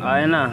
Ayun na.